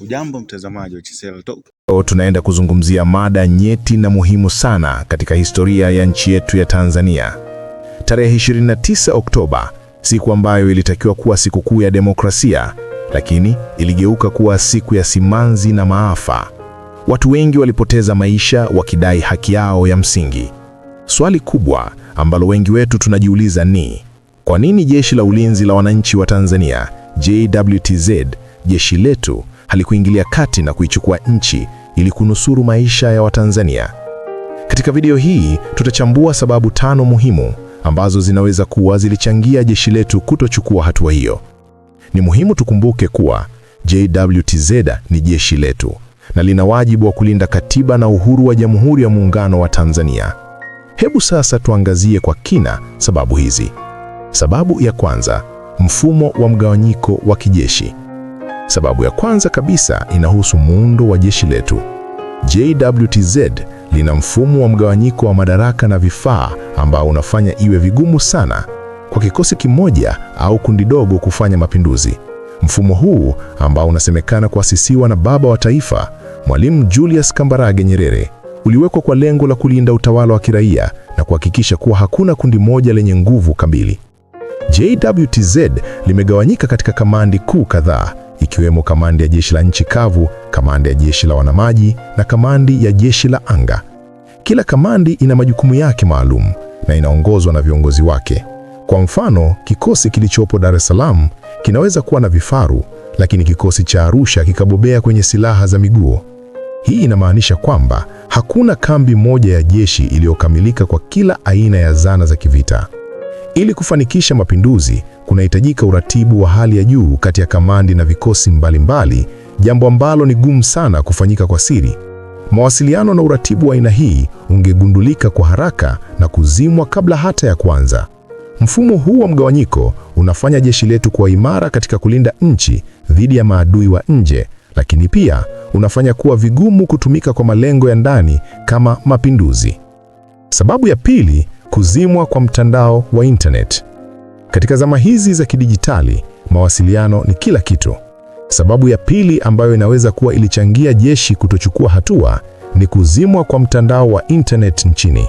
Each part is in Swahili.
Ujambo mtazamaji wa Chisel Talk. Leo tunaenda kuzungumzia mada nyeti na muhimu sana katika historia ya nchi yetu ya Tanzania. Tarehe 29 Oktoba, siku ambayo ilitakiwa kuwa sikukuu ya demokrasia, lakini iligeuka kuwa siku ya simanzi na maafa. Watu wengi walipoteza maisha wakidai haki yao ya msingi. Swali kubwa ambalo wengi wetu tunajiuliza ni kwa nini Jeshi la Ulinzi la Wananchi wa Tanzania, JWTZ, jeshi letu halikuingilia kati na kuichukua nchi ili kunusuru maisha ya Watanzania. Katika video hii tutachambua sababu tano muhimu ambazo zinaweza kuwa zilichangia jeshi letu kutochukua hatua hiyo. Ni muhimu tukumbuke kuwa JWTZ ni jeshi letu na lina wajibu wa kulinda katiba na uhuru wa Jamhuri ya Muungano wa Tanzania. Hebu sasa tuangazie kwa kina sababu hizi. Sababu ya kwanza, mfumo wa mgawanyiko wa kijeshi. Sababu ya kwanza kabisa inahusu muundo wa jeshi letu. JWTZ lina mfumo wa mgawanyiko wa madaraka na vifaa ambao unafanya iwe vigumu sana kwa kikosi kimoja au kundi dogo kufanya mapinduzi. Mfumo huu ambao unasemekana kuasisiwa na baba wa taifa Mwalimu Julius Kambarage Nyerere uliwekwa kwa lengo la kulinda utawala wa kiraia na kuhakikisha kuwa hakuna kundi moja lenye nguvu kamili. JWTZ limegawanyika katika kamandi kuu kadhaa ikiwemo kamandi ya jeshi la nchi kavu, kamandi ya jeshi la wanamaji na kamandi ya jeshi la anga. Kila kamandi ina majukumu yake maalum na inaongozwa na viongozi wake. Kwa mfano, kikosi kilichopo Dar es Salaam kinaweza kuwa na vifaru, lakini kikosi cha Arusha kikabobea kwenye silaha za miguo. Hii inamaanisha kwamba hakuna kambi moja ya jeshi iliyokamilika kwa kila aina ya zana za kivita. Ili kufanikisha mapinduzi, kunahitajika uratibu wa hali ya juu kati ya kamandi na vikosi mbalimbali mbali, jambo ambalo ni gumu sana kufanyika kwa siri. Mawasiliano na uratibu wa aina hii ungegundulika kwa haraka na kuzimwa kabla hata ya kuanza. Mfumo huu wa mgawanyiko unafanya jeshi letu kuwa imara katika kulinda nchi dhidi ya maadui wa nje, lakini pia unafanya kuwa vigumu kutumika kwa malengo ya ndani kama mapinduzi. Sababu ya pili kuzimwa kwa mtandao wa internet. Katika zama hizi za kidijitali, mawasiliano ni kila kitu. Sababu ya pili ambayo inaweza kuwa ilichangia jeshi kutochukua hatua ni kuzimwa kwa mtandao wa internet nchini.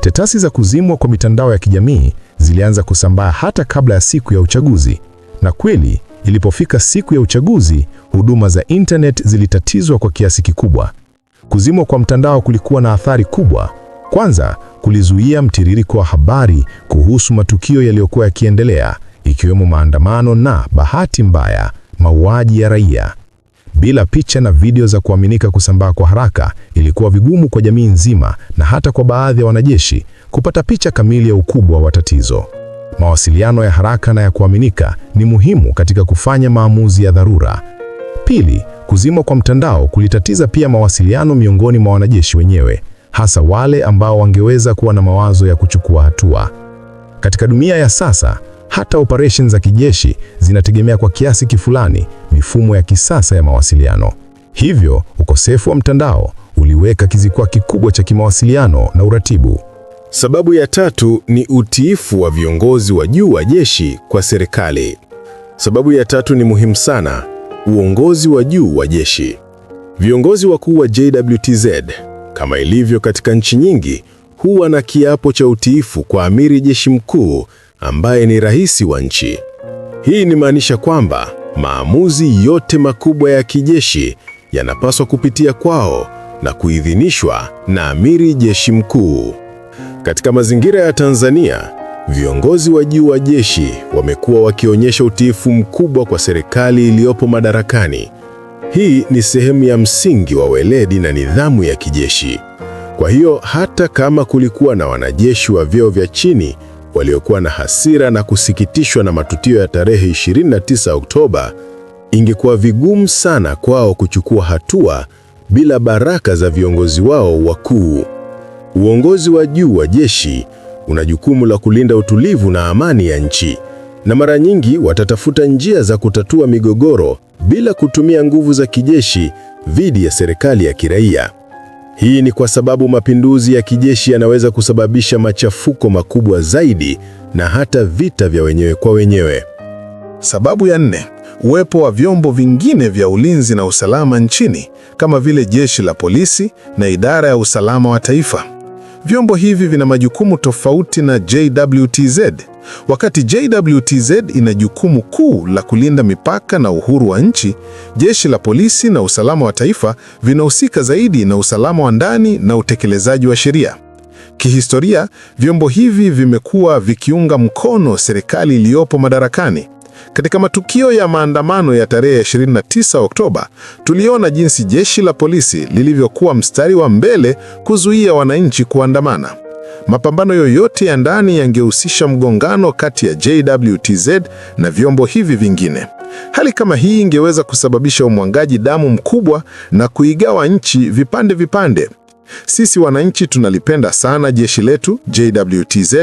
Tetasi za kuzimwa kwa mitandao ya kijamii zilianza kusambaa hata kabla ya siku ya uchaguzi. Na kweli, ilipofika siku ya uchaguzi, huduma za internet zilitatizwa kwa kiasi kikubwa. Kuzimwa kwa mtandao kulikuwa na athari kubwa. Kwanza, kulizuia mtiririko wa habari kuhusu matukio yaliyokuwa yakiendelea, ikiwemo maandamano na bahati mbaya mauaji ya raia. Bila picha na video za kuaminika kusambaa kwa haraka, ilikuwa vigumu kwa jamii nzima na hata kwa baadhi ya wanajeshi kupata picha kamili ya ukubwa wa tatizo. Mawasiliano ya haraka na ya kuaminika ni muhimu katika kufanya maamuzi ya dharura. Pili, kuzimwa kwa mtandao kulitatiza pia mawasiliano miongoni mwa wanajeshi wenyewe hasa wale ambao wangeweza kuwa na mawazo ya kuchukua hatua. Katika dunia ya sasa, hata operesheni za kijeshi zinategemea kwa kiasi kifulani mifumo ya kisasa ya mawasiliano. Hivyo, ukosefu wa mtandao uliweka kizikwa kikubwa cha kimawasiliano na uratibu. Sababu ya tatu ni utiifu wa viongozi wa juu wa jeshi kwa serikali. Sababu ya tatu ni muhimu sana, uongozi wa juu wa jeshi. Viongozi wakuu wa JWTZ kama ilivyo katika nchi nyingi, huwa na kiapo cha utiifu kwa amiri jeshi mkuu ambaye ni rais wa nchi. Hii ni maanisha kwamba maamuzi yote makubwa ya kijeshi yanapaswa kupitia kwao na kuidhinishwa na amiri jeshi mkuu. Katika mazingira ya Tanzania, viongozi wa juu wa jeshi wamekuwa wakionyesha utiifu mkubwa kwa serikali iliyopo madarakani hii ni sehemu ya msingi wa weledi na nidhamu ya kijeshi. Kwa hiyo hata kama kulikuwa na wanajeshi wa vyeo vya chini waliokuwa na hasira na kusikitishwa na matukio ya tarehe 29 Oktoba, ingekuwa vigumu sana kwao kuchukua hatua bila baraka za viongozi wao wakuu. Uongozi wa juu wa jeshi una jukumu la kulinda utulivu na amani ya nchi, na mara nyingi watatafuta njia za kutatua migogoro bila kutumia nguvu za kijeshi dhidi ya serikali ya kiraia. Hii ni kwa sababu mapinduzi ya kijeshi yanaweza kusababisha machafuko makubwa zaidi na hata vita vya wenyewe kwa wenyewe. Sababu ya nne, uwepo wa vyombo vingine vya ulinzi na usalama nchini kama vile jeshi la polisi na idara ya usalama wa taifa. Vyombo hivi vina majukumu tofauti na JWTZ. Wakati JWTZ ina jukumu kuu la kulinda mipaka na uhuru wa nchi, jeshi la polisi na usalama wa taifa vinahusika zaidi na usalama wa ndani na utekelezaji wa sheria. Kihistoria, vyombo hivi vimekuwa vikiunga mkono serikali iliyopo madarakani. Katika matukio ya maandamano ya tarehe 29 Oktoba, tuliona jinsi jeshi la polisi lilivyokuwa mstari wa mbele kuzuia wananchi kuandamana. Mapambano yoyote ya ndani yangehusisha mgongano kati ya JWTZ na vyombo hivi vingine. Hali kama hii ingeweza kusababisha umwangaji damu mkubwa na kuigawa nchi vipande vipande. Sisi wananchi tunalipenda sana jeshi letu JWTZ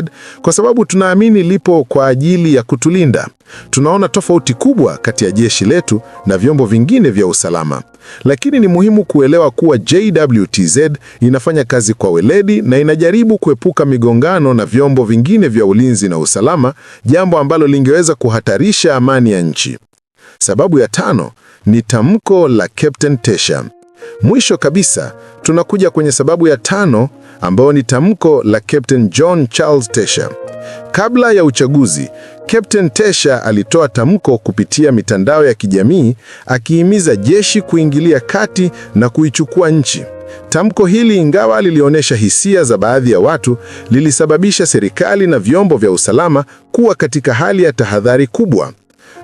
kwa sababu tunaamini lipo kwa ajili ya kutulinda. Tunaona tofauti kubwa kati ya jeshi letu na vyombo vingine vya usalama, lakini ni muhimu kuelewa kuwa JWTZ inafanya kazi kwa weledi na inajaribu kuepuka migongano na vyombo vingine vya ulinzi na usalama, jambo ambalo lingeweza kuhatarisha amani ya nchi. Sababu ya tano ni tamko la Captain Tesha. Mwisho kabisa, tunakuja kwenye sababu ya tano ambayo ni tamko la Captain John Charles Tesha. Kabla ya uchaguzi, Captain Tesha alitoa tamko kupitia mitandao ya kijamii akihimiza jeshi kuingilia kati na kuichukua nchi. Tamko hili ingawa lilionyesha hisia za baadhi ya watu, lilisababisha serikali na vyombo vya usalama kuwa katika hali ya tahadhari kubwa.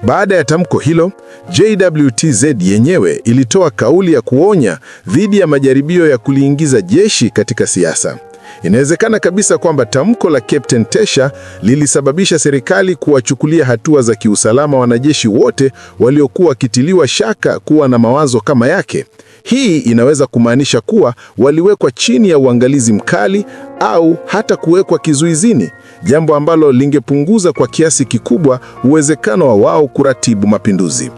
Baada ya tamko hilo, JWTZ yenyewe ilitoa kauli ya kuonya dhidi ya majaribio ya kuliingiza jeshi katika siasa. Inawezekana kabisa kwamba tamko la Captain Tesha lilisababisha serikali kuwachukulia hatua za kiusalama wanajeshi wote waliokuwa wakitiliwa shaka kuwa na mawazo kama yake. Hii inaweza kumaanisha kuwa waliwekwa chini ya uangalizi mkali au hata kuwekwa kizuizini, jambo ambalo lingepunguza kwa kiasi kikubwa uwezekano wa wao kuratibu mapinduzi.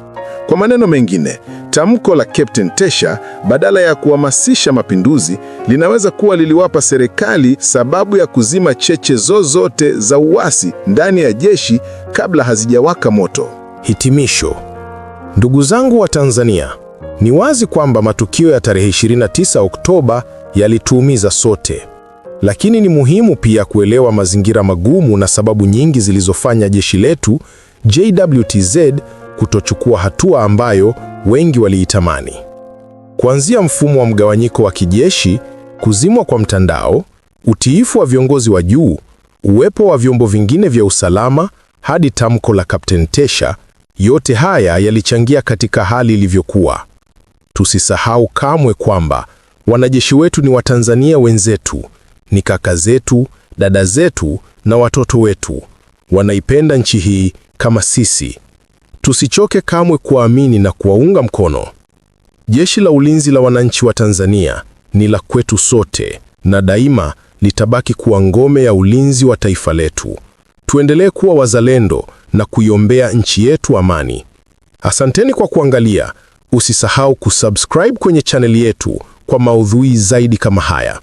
Kwa maneno mengine, tamko la Captain Tesha badala ya kuhamasisha mapinduzi linaweza kuwa liliwapa serikali sababu ya kuzima cheche zozote za uasi ndani ya jeshi kabla hazijawaka moto. Hitimisho. Ndugu zangu wa Tanzania, ni wazi kwamba matukio ya tarehe 29 Oktoba yalituumiza sote, lakini ni muhimu pia kuelewa mazingira magumu na sababu nyingi zilizofanya jeshi letu JWTZ kutochukua hatua ambayo wengi waliitamani. Kuanzia mfumo wa mgawanyiko wa kijeshi, kuzimwa kwa mtandao, utiifu wa viongozi wa juu, uwepo wa vyombo vingine vya usalama hadi tamko la Kapteni Tesha, yote haya yalichangia katika hali ilivyokuwa. Tusisahau kamwe kwamba wanajeshi wetu ni Watanzania wenzetu, ni kaka zetu, dada zetu na watoto wetu. Wanaipenda nchi hii kama sisi. Tusichoke kamwe kuwaamini na kuwaunga mkono. Jeshi la Ulinzi la Wananchi wa Tanzania ni la kwetu sote na daima litabaki kuwa ngome ya ulinzi wa taifa letu. Tuendelee kuwa wazalendo na kuiombea nchi yetu amani. Asanteni kwa kuangalia. Usisahau kusubscribe kwenye chaneli yetu kwa maudhui zaidi kama haya.